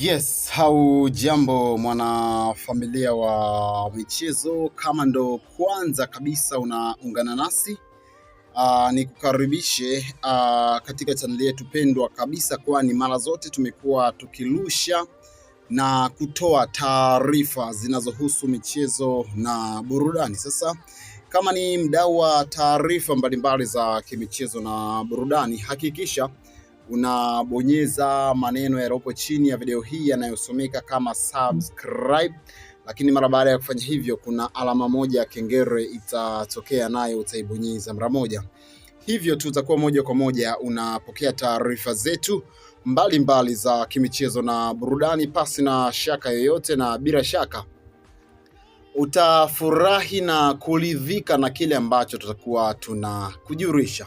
Yes, hau jambo mwanafamilia wa michezo, kama ndo kwanza kabisa unaungana nasi uh, ah, ni kukaribishe uh, ah, katika chaneli yetu pendwa kabisa, kwani mara zote tumekuwa tukirusha na kutoa taarifa zinazohusu michezo na burudani. Sasa kama ni mdau wa taarifa mbalimbali za kimichezo na burudani, hakikisha unabonyeza maneno yaliyopo chini ya video hii yanayosomeka kama subscribe, lakini mara baada ya kufanya hivyo, kuna alama moja ya kengele itatokea, nayo utaibonyeza mara moja. Hivyo tu utakuwa moja kwa moja unapokea taarifa zetu mbalimbali mbali za kimichezo na burudani pasi na shaka yoyote, na bila shaka utafurahi na kuridhika na kile ambacho tutakuwa tunakujulisha.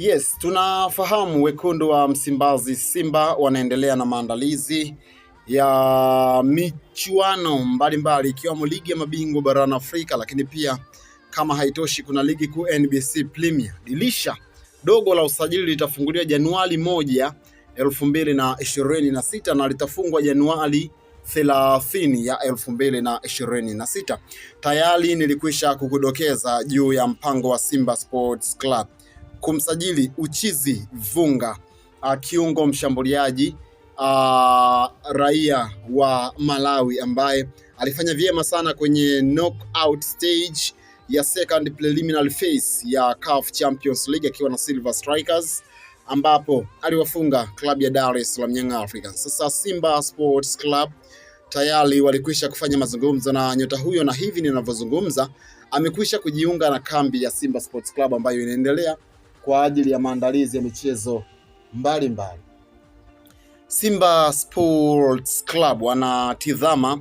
Yes, tunafahamu wekundu wa Msimbazi Simba wanaendelea na maandalizi ya michuano mbalimbali ikiwemo ligi ya mabingwa barani Afrika, lakini pia kama haitoshi, kuna ligi kuu NBC Premier. Dirisha dogo la usajili litafunguliwa Januari moja elfu mbili na ishirini na sita na litafungwa Januari thelathini ya elfu mbili na ishirini na sita. Tayari nilikwisha kukudokeza juu ya mpango wa Simba Sports Club kumsajili Uchizi Vunga uh, kiungo mshambuliaji uh, raia wa Malawi ambaye alifanya vyema sana kwenye knockout stage ya second preliminary phase ya CAF Champions League akiwa na Silver Strikers ambapo aliwafunga klabu ya Dar es Salaam Young Africans. Sasa Simba Sports Club tayari walikwisha kufanya mazungumzo na nyota huyo, na hivi ninavyozungumza amekwisha kujiunga na kambi ya Simba Sports Club ambayo inaendelea kwa ajili ya maandalizi ya michezo mbalimbali mbali. Simba Sports Club wanatizama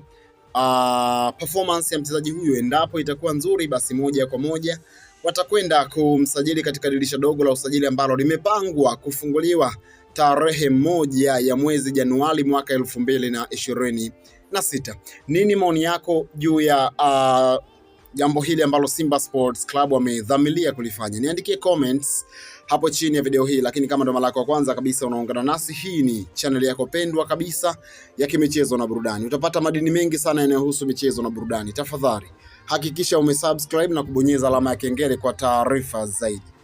uh, performance ya mchezaji huyu. Endapo itakuwa nzuri, basi moja kwa moja watakwenda kumsajili katika dirisha dogo la usajili ambalo limepangwa kufunguliwa tarehe moja ya mwezi Januari mwaka elfu mbili na ishirini na sita. Nini maoni yako juu ya uh, jambo hili ambalo Simba Sports Club wamedhamilia kulifanya. Niandikie comments hapo chini ya video hii, lakini kama ndo mara yako ya kwanza kabisa unaungana nasi, hii ni chaneli yako pendwa kabisa ya kimichezo na burudani. Utapata madini mengi sana yanayohusu michezo na burudani. Tafadhali hakikisha umesubscribe na kubonyeza alama ya kengele kwa taarifa zaidi.